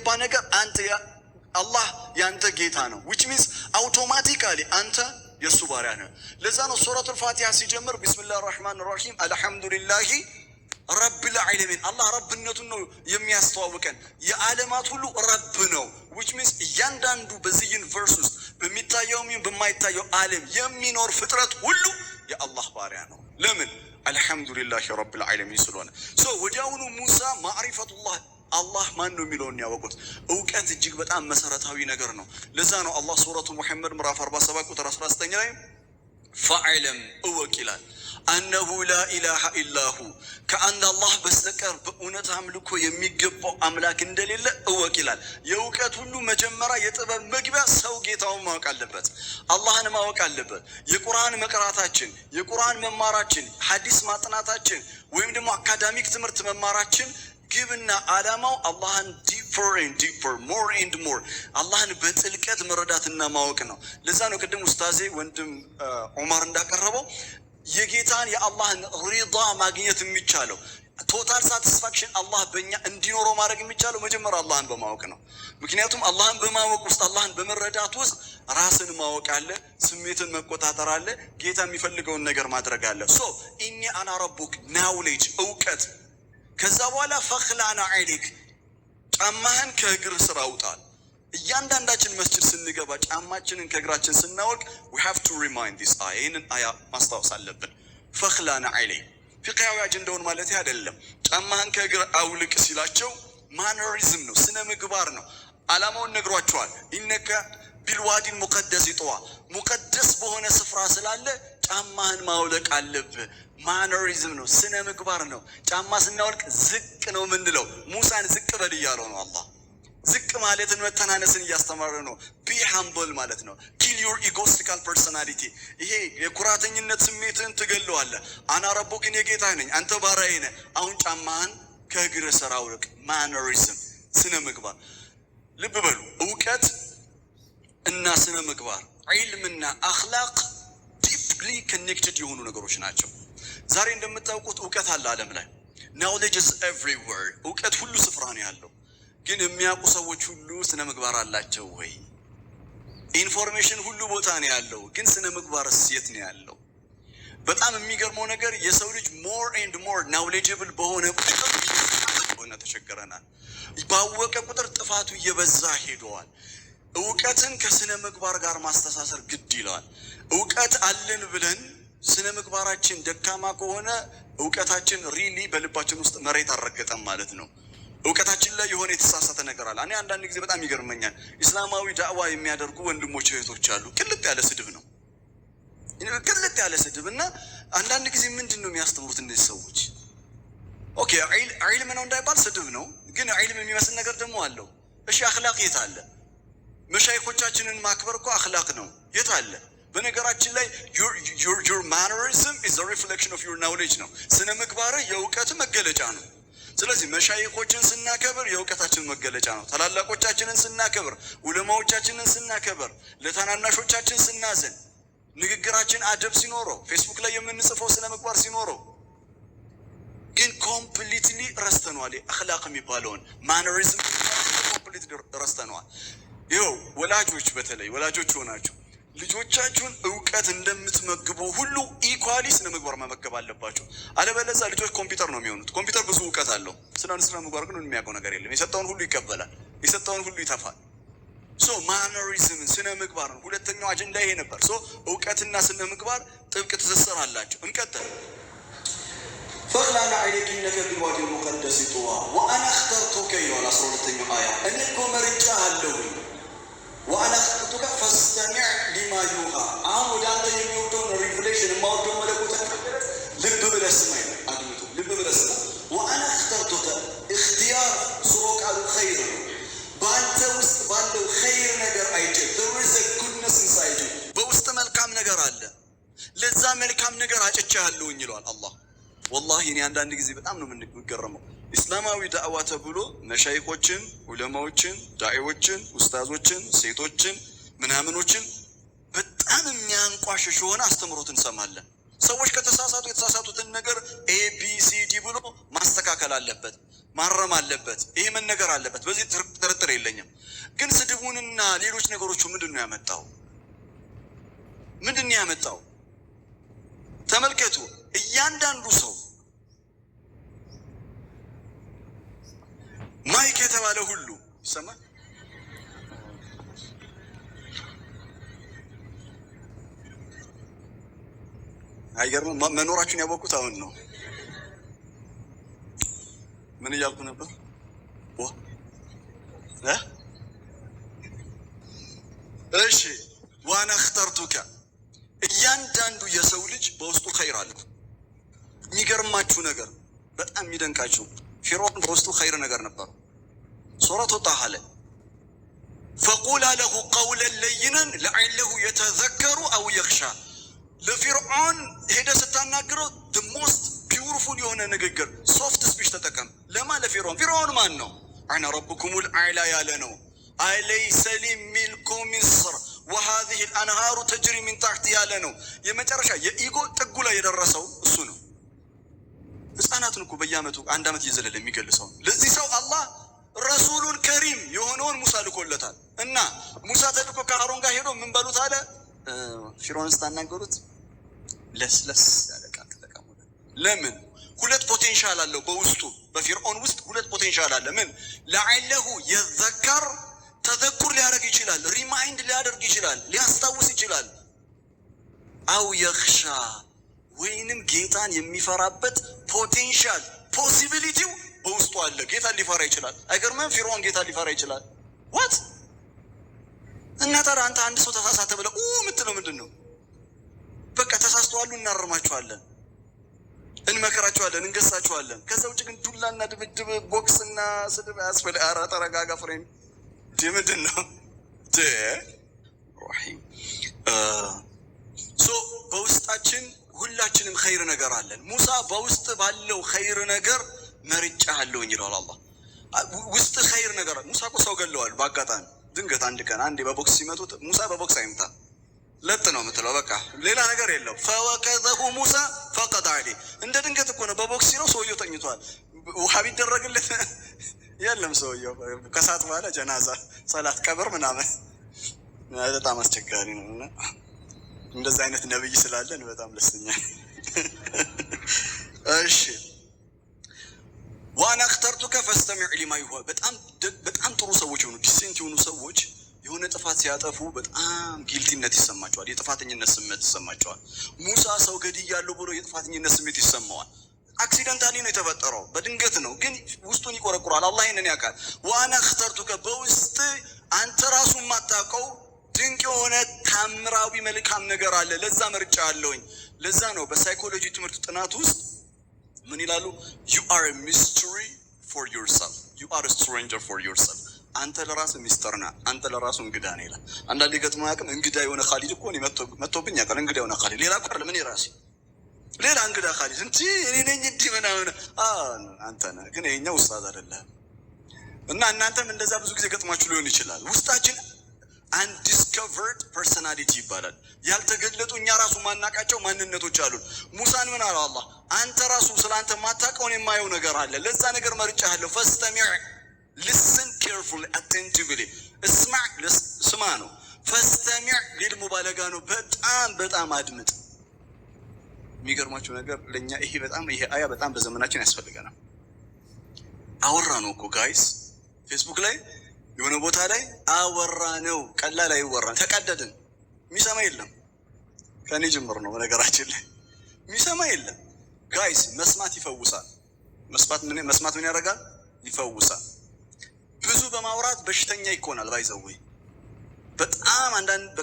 የሚገባ ነገር አንተ አላህ ያንተ ጌታ ነው። ዊች ሚንስ አውቶማቲካሊ አንተ የእሱ ባሪያ ነው። ለዛ ነው ሱረቱል ፋቲሃ ሲጀምር ቢስሚላህ ራህማን ራሂም አልሐምዱሊላሂ ረብል ዓለሚን አላህ ረብነቱን ነው የሚያስተዋውቀን። የዓለማት ሁሉ ረብ ነው። ዊች ሚንስ እያንዳንዱ በዚህ ዩኒቨርስ ውስጥ በሚታየው በማይታየው ዓለም የሚኖር ፍጥረት ሁሉ የአላህ ባሪያ ነው። ለምን? አልሐምዱሊላሂ ረብል ዓለሚን ስለሆነ። ወዲያውኑ ሙሳ ማዕሪፈቱላህ አላህ ማን ነው የሚለውን ያወቁት። እውቀት እጅግ በጣም መሰረታዊ ነገር ነው። ለዛ ነው አላህ ሱረቱ ሙሐመድ ምዕራፍ 47 ቁጥር 19 ላይ ፈዕለም እወቅ ይላል አነሁ ላኢላሃ ኢላሁ ከአንድ አላህ በስተቀር በእውነት አምልኮ የሚገባው አምላክ እንደሌለ እወቅ ይላል። የእውቀት ሁሉ መጀመሪያ የጥበብ መግቢያ ሰው ጌታውን ማወቅ አለበት፣ አላህን ማወቅ አለበት። የቁርአን መቅራታችን፣ የቁርአን መማራችን፣ ሐዲስ ማጥናታችን ወይም ደግሞ አካዳሚክ ትምህርት መማራችን ግብና ዓላማው አላህን ዲፐር ኤንድ ዲፐር ሞር ኤንድ ሞር አላህን በጥልቀት መረዳትና ማወቅ ነው። ለዛ ነው ቅድም ውስታዜ ወንድም ዑማር እንዳቀረበው የጌታን የአላህን ሪዳ ማግኘት የሚቻለው ቶታል ሳቲስፋክሽን አላህ በእኛ እንዲኖረው ማድረግ የሚቻለው መጀመሪያ አላህን በማወቅ ነው። ምክንያቱም አላህን በማወቅ ውስጥ አላህን በመረዳት ውስጥ ራስን ማወቅ አለ፣ ስሜትን መቆጣጠር አለ፣ ጌታ የሚፈልገውን ነገር ማድረግ አለ። ሶ እኒ አና ረቡክ ናውሌጅ እውቀት ከዛ በኋላ ፈክላና አይኒክ ጫማህን ከእግር ስራ አውጣል። እያንዳንዳችን መስጅድ ስንገባ ጫማችንን ከእግራችን ስናወልቅ ዊ ሃቭ ቱ ሪማይንድ ዲስ አያ፣ ይህንን አያ ማስታወስ አለብን። ፈክላና አይኒክ ፊቅሃዊ አጀንዳውን ማለት አይደለም። ጫማህን ከእግር አውልቅ ሲላቸው ማነሪዝም ነው፣ ስነ ምግባር ነው። አላማውን ነግሯቸዋል። ኢነከ ቢልዋዲን ሙቀደስ ይጠዋ ሙቀደስ በሆነ ስፍራ ስላለ ጫማህን ማውለቅ አለብህ። ማኖሪዝም ነው፣ ስነ ምግባር ነው። ጫማ ስናወልቅ ዝቅ ነው የምንለው። ሙሳን ዝቅ በል እያለው ነው አላህ። ዝቅ ማለትን መተናነስን እያስተማረ ነው። ቢ ሃምብል ማለት ነው። ኪል ዩር ኢጎስቲካል ፐርሶናሊቲ። ይሄ የኩራተኝነት ስሜትን ትገለዋለህ። አና ረቡክ፣ እኔ ነኝ፣ አንተ ባሪያዬ ነህ። አሁን ጫማህን ከእግር ስር አውልቅ። ማኖሪዝም ስነ ምግባር። ልብ በሉ እውቀት እና ስነ ምግባር ዒልምና አኽላቅ ዲፕሊ ኮኔክትድ የሆኑ ነገሮች ናቸው። ዛሬ እንደምታውቁት እውቀት አለ ዓለም ላይ ናውሌጅ ኢዝ ኤቭሪዌር እውቀት ሁሉ ስፍራ ነው ያለው። ግን የሚያውቁ ሰዎች ሁሉ ስነ ምግባር አላቸው ወይ? ኢንፎርሜሽን ሁሉ ቦታ ነው ያለው፣ ግን ስነ ምግባር የት ነው ያለው? በጣም የሚገርመው ነገር የሰው ልጅ ሞር ኤንድ ሞር ናውሌጅብል በሆነ ቁጥር ተቸገረናል። ባወቀ ቁጥር ጥፋቱ እየበዛ ሄደዋል። እውቀትን ከስነ ምግባር ጋር ማስተሳሰር ግድ ይለዋል። እውቀት አለን ብለን ስነ ምግባራችን ደካማ ከሆነ እውቀታችን ሪሊ በልባችን ውስጥ መሬት አልረገጠም ማለት ነው። እውቀታችን ላይ የሆነ የተሳሳተ ነገር አለ። እኔ አንዳንድ ጊዜ በጣም ይገርመኛል። እስላማዊ ዳዕዋ የሚያደርጉ ወንድሞች እህቶች አሉ። ቅልጥ ያለ ስድብ ነው፣ ቅልጥ ያለ ስድብ እና አንዳንድ ጊዜ ምንድን ነው የሚያስተምሩት እነዚህ ሰዎች? ኦኬ ዒልም ነው እንዳይባል ስድብ ነው፣ ግን ዒልም የሚመስል ነገር ደግሞ አለው። እሺ አክላቅ የት አለ? መሻይኮቻችንን ማክበር እኮ አክላቅ ነው። የት አለ? በነገራችን ላይ ዩር ማነሪዝም ኢዝ ሪፍሌክሽን ኦፍ ዩር ናውሌጅ ነው። ስነ ምግባርህ የእውቀት መገለጫ ነው። ስለዚህ መሻይኮችን ስናከብር የእውቀታችን መገለጫ ነው። ታላላቆቻችንን ስናከብር፣ ውለማዎቻችንን ስናከብር፣ ለታናናሾቻችን ስናዘን ንግግራችን አደብ ሲኖረው፣ ፌስቡክ ላይ የምንጽፈው ስነ ምግባር ሲኖረው ግን ኮምፕሊትሊ ረስተነዋል። አክላቅ የሚባለውን ማነሪዝም ኮምፕሊትሊ ረስተነዋል። ይኸው ወላጆች በተለይ ወላጆች ሆናችሁ ልጆቻችሁን እውቀት እንደምትመግቡ ሁሉ ኢኳሊ ስነ ምግባር መመገብ አለባቸው። አለበለዚያ ልጆች ኮምፒውተር ነው የሚሆኑት። ኮምፒውተር ብዙ እውቀት አለው፣ ስለ ስነ ምግባር ግን የሚያውቀው ነገር የለም። የሰጠውን ሁሉ ይቀበላል፣ የሰጠውን ሁሉ ይተፋል። ሶ ማነሪዝም ስነ ምግባር ነው። ሁለተኛው አጀንዳ ይሄ ነበር። ሶ እውቀትና ስነ ምግባር ጥብቅ ትስስር አላቸው። እንቀጥል። ፈቅላና አይነቂ ነከ ቢዋዲ ሙቀደስ ጥዋ ወአና አክተርቶከ ይዋል አስራ ሁለተኛው አያ እኔ እኮ መርጫ አለሁኝ ዋአና ፈስተሚዕ ሊማ ዩሃ አሁን ወደ አንተ የሚወደውን ሪፍሌክሽን የማወደው መለኮት ልብ ብለህ ስማ ይላል። አድምጡ፣ ልብ ብለህ ስማ። ዋአና እክትያር ስሮ ቃሉ ኸይር ነው። በአንተ ውስጥ ባለው ኸይር ነገር አይቼ ዘ ጉድነስ ኢንሳይድ በውስጥ መልካም ነገር አለ። ለዛ መልካም ነገር አጭቻለሁኝ ይለዋል አላህ። ወላሂ እኔ አንዳንድ ጊዜ በጣም ነው የምንገረመው። ኢስላማዊ ዳዕዋ ተብሎ መሻይኮችን፣ ዑለማዎችን፣ ዳዒዎችን፣ ኡስታዞችን፣ ሴቶችን፣ ምናምኖችን በጣም የሚያንቋሽሽ የሆነ አስተምሮት እንሰማለን። ሰዎች ከተሳሳቱ የተሳሳቱትን ነገር ዲ ብሎ ማስተካከል አለበት፣ ማረም አለበት፣ ይሄ መነገር አለበት። በዚህ ጥርጥር የለኝም። ግን ስድቡንና ሌሎች ነገሮቹ ምንድን ነው ያመጣው? ምንድን ነው ያመጣው? ተመልከቱ እያንዳንዱ ሰው የተባለ ሁሉ ይሰማል። አይገርምም? መኖራችሁን ያወቅሁት አሁን ነው። ምን እያልኩ ነበር? እሺ ዋና ክተርቱከ እያንዳንዱ የሰው ልጅ በውስጡ ኸይር አለ። የሚገርማችሁ ነገር በጣም የሚደንቃችሁ ፊርዖን በውስጡ ኸይር ነገር ነበረው። ሱረቱ ጣሃ ላይ ፈቁላ ለሁ ቀውለን ለይነን ለዐለሁ የተዘከሩ አው የክሻ ለፊርዖን ሄደ ስታናግረው ሞስት ፒውርፉል የሆነ ንግግር ሶፍት ስፒች ተጠቀም። ለማ ለፊርዖን ፊርዖን ማን ነው? አነ ረብኩሙል አዕላ ያለ ነው። አለይሰ ሊ ሚልኩ ሚስር ወሃዚህ አንሃሩ ተጅሪ ሚን ታሕቲ ያለ ነው። የመጨረሻ የኢጎ ጥጉ ላይ የደረሰው እሱ ነው። ህፃናትን እኮ በየአመቱ አንድ አመት እየዘለለ የሚገልሰው ለዚህ ሰው አላህ ረሱሉን ከሪም የሆነውን ሙሳ ልኮለታል። እና ሙሳ ተልኮ ከአሮን ጋር ሄዶ ምን በሉት አለ ፊሮን ስታናገሩት ለስለስ ለምን? ሁለት ፖቴንሻል አለው በውስጡ በፊርዖን ውስጥ ሁለት ፖቴንሻል አለ። ምን ለዓለሁ የዘከር ተዘኩር ሊያደርግ ይችላል፣ ሪማይንድ ሊያደርግ ይችላል፣ ሊያስታውስ ይችላል። አው የኽሻ ወይንም ጌታን የሚፈራበት ፖቴንሻል ፖሲቢሊቲው በውስጡ አለ። ጌታ ሊፈራ ይችላል። አይገርምም? ፊርዖን ጌታ ሊፈራ ይችላል። ዋት እና ታዲያ አንተ አንድ ሰው ተሳሳተ ብለ የምትለው ምንድን ነው? በቃ ተሳስተዋሉ፣ እናርማቸዋለን፣ እንመከራቸዋለን፣ እንገሳቸዋለን። ከዚ ውጭ ግን ዱላና ድብድብ፣ ቦክስና ስድብ ያስፈል። ኧረ ተረጋጋ ፍሬም። ምንድን ነው በውስጣችን ሁላችንም ኸይር ነገር አለን። ሙሳ በውስጥ ባለው ኸይር ነገር መርጫ አለውኝ ይለዋል አላ ውስጥ ኸይር ነገር ሙሳ እኮ ሰው ገለዋል በአጋጣሚ ድንገት አንድ ቀን አንዴ በቦክስ ሲመጡት ሙሳ በቦክስ አይምታ ለጥ ነው የምትለው በቃ ሌላ ነገር የለው። ፈወቀዘሁ ሙሳ ፈቀጣ አሌ እንደ ድንገት እኮ ነው በቦክስ ሲለው ሰውየው ተኝቷል። ውሃ ቢደረግለት የለም ሰውየው ከሰዓት በኋላ ጀናዛ ሰላት ቀብር ምናምን በጣም አስቸጋሪ ነው። እና እንደዚህ አይነት ነብይ ስላለን በጣም ደስተኛ እሺ ዋና አክተርቱከ ፈስተሚዕ ሊማ ይሁዋ። በጣም ጥሩ ሰዎች የሆኑ ዲሴንት የሆኑ ሰዎች የሆነ ጥፋት ሲያጠፉ በጣም ጊልቲነት ይሰማቸዋል፣ የጥፋተኝነት ስሜት ይሰማቸዋል። ሙሳ ሰው ገድያለሁ ብሎ የጥፋተኝነት ስሜት ይሰማዋል። አክሲደንታሊ ነው የተፈጠረው፣ በድንገት ነው፣ ግን ውስጡን ይቆረቁራል። አላህ ይህንን ያውቃል። ዋና አክተርቱከ በውስጥ አንተ ራሱ የማታውቀው ድንቅ የሆነ ታምራዊ መልካም ነገር አለ። ለዛ መርጫ አለውኝ። ለዛ ነው በሳይኮሎጂ ትምህርት ጥናት ውስጥ ምን ይላሉ? ዩ አር ሚስትሪ ፎር ዩርሰልፍ ዩ አር ስትሬንጀር ፎር ዩርሰልፍ አንተ ለራስ ሚስተር ነህ፣ አንተ ለራሱ እንግዳ ነህ ይላል። አንዳንድ ገጥሞ አያውቅም። እንግዳ የሆነ ካሊድ እኮ መጥቶብኝ ያውቃል። እንግዳ የሆነ ካሊድ ሌላ እኮ ምን እኔ ራሴ ሌላ እንግዳ ካሊድ እንጂ እኔ ነኝ እንዲ ምናምን አንተ ነህ፣ ግን ይኸኛው ውስጣት አይደለም። እና እናንተም እንደዛ ብዙ ጊዜ ገጥሟችሁ ሊሆን ይችላል ውስጣችን አንዲስከቨርድ ፐርሰናሊቲ ይባላል። ያልተገለጡ እኛ ራሱ ማናቃቸው ማንነቶች አሉን። ሙሳን ምን አለው አላህ? አንተ ራሱ ስለ አንተ ማታቀውን የማየው ነገር አለ። ለዛ ነገር መርጫለሁ። ፈስተሚዕ ልስን ኬርፉል አቴንቲቭሊ እስማዕ ስማ ነው። ፈስተሚዕ ሊል ሙባለጋ ነው። በጣም በጣም አድምጥ። የሚገርማቸው ነገር ለእኛ ይሄ በጣም ይሄ አያ በጣም በዘመናችን ያስፈልገናል። አወራ ነው እኮ ጋይስ ፌስቡክ ላይ የሆነ ቦታ ላይ አወራ ነው። ቀላል አይወራም። ተቀደድን። የሚሰማ የለም። ከኔ ጅምር ነው በነገራችን ላይ የሚሰማ የለም። ጋይስ መስማት ይፈውሳል። መስማት ምን ያደርጋል? ይፈውሳል። ብዙ በማውራት በሽተኛ ይኮናል። ባይዘዌ በጣም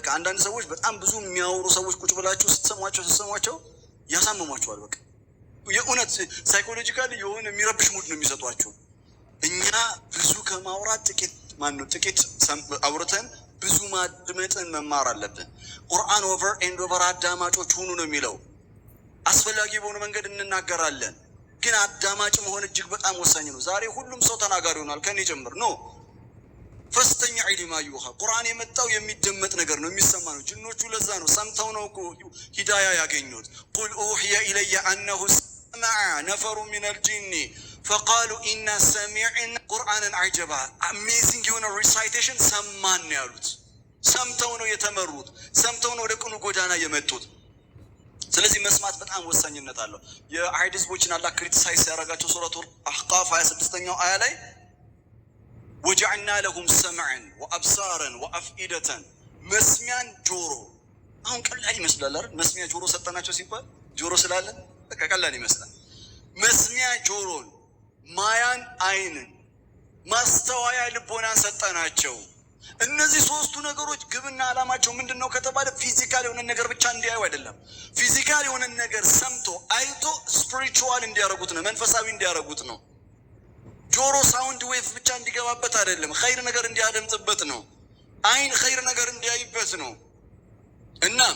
አንዳንድ ሰዎች በጣም ብዙ የሚያወሩ ሰዎች ቁጭ ብላችሁ ስትሰሟቸው ስትሰሟቸው ያሳምሟቸዋል። በቃ የእውነት ሳይኮሎጂካል የሆነ የሚረብሽ ሙድ ነው የሚሰጧቸው። እኛ ብዙ ከማውራት ጥቂት ነው ጥቂት አውርተን ብዙ ማድመጥን መማር አለብን። ቁርአን ኦቨር ኤንድ ኦቨር አዳማጮች ሁኑ ነው የሚለው። አስፈላጊ በሆነ መንገድ እንናገራለን፣ ግን አዳማጭ መሆን እጅግ በጣም ወሳኝ ነው። ዛሬ ሁሉም ሰው ተናጋሪ ሆኗል፣ ከኔ ጀምር ነው። ፈስተኛ ዒሊማ ይውሃ ቁርአን የመጣው የሚደመጥ ነገር ነው፣ የሚሰማ ነው። ጅኖቹ ለዛ ነው ሰምተው ነው እኮ ሂዳያ ያገኙት። ቁል ኡሕየ ኢለየ አነሁ ሰመዐ ነፈሩ ሚነል ጂኒ ፈቃሉ ኢና ሰሚዕና ቁርአንን አጀባ አሜዚንግ የሆነ ሪሳይቴሽን ሰማን ነው ያሉት። ሰምተው ነው የተመሩት። ሰምተው ነው ወደ ቅኑ ጎዳና የመጡት። ስለዚህ መስማት በጣም ወሳኝነት አለው። የአይሁድ ህዝቦችን አላህ ክሪቲሳይዝ ያደረጋቸው ሱረቱ አህቃፍ 26ኛው አያ ላይ ወጀዐልና ለሁም ሰምዐን ወአብሳረን ወአፍኢደተን መስሚያን ጆሮ። አሁን ቀላል ይመስላል አይደል? መስሚያ ጆሮ ሰጠናቸው ሲባል ጆሮ ስላለን በቃ ቀላል ይመስላል። መስሚያ ጆሮን ማያን አይንን፣ ማስተዋያ ልቦናን ሰጠናቸው። እነዚህ ሶስቱ ነገሮች ግብና ዓላማቸው ምንድን ነው ከተባለ ፊዚካል የሆነ ነገር ብቻ እንዲያዩ አይደለም። ፊዚካል የሆነ ነገር ሰምቶ አይቶ ስፒሪቹዋል እንዲያደርጉት ነው፣ መንፈሳዊ እንዲያደረጉት ነው። ጆሮ ሳውንድ ዌቭ ብቻ እንዲገባበት አይደለም፣ ኸይር ነገር እንዲያደምጥበት ነው። አይን ኸይር ነገር እንዲያይበት ነው። እና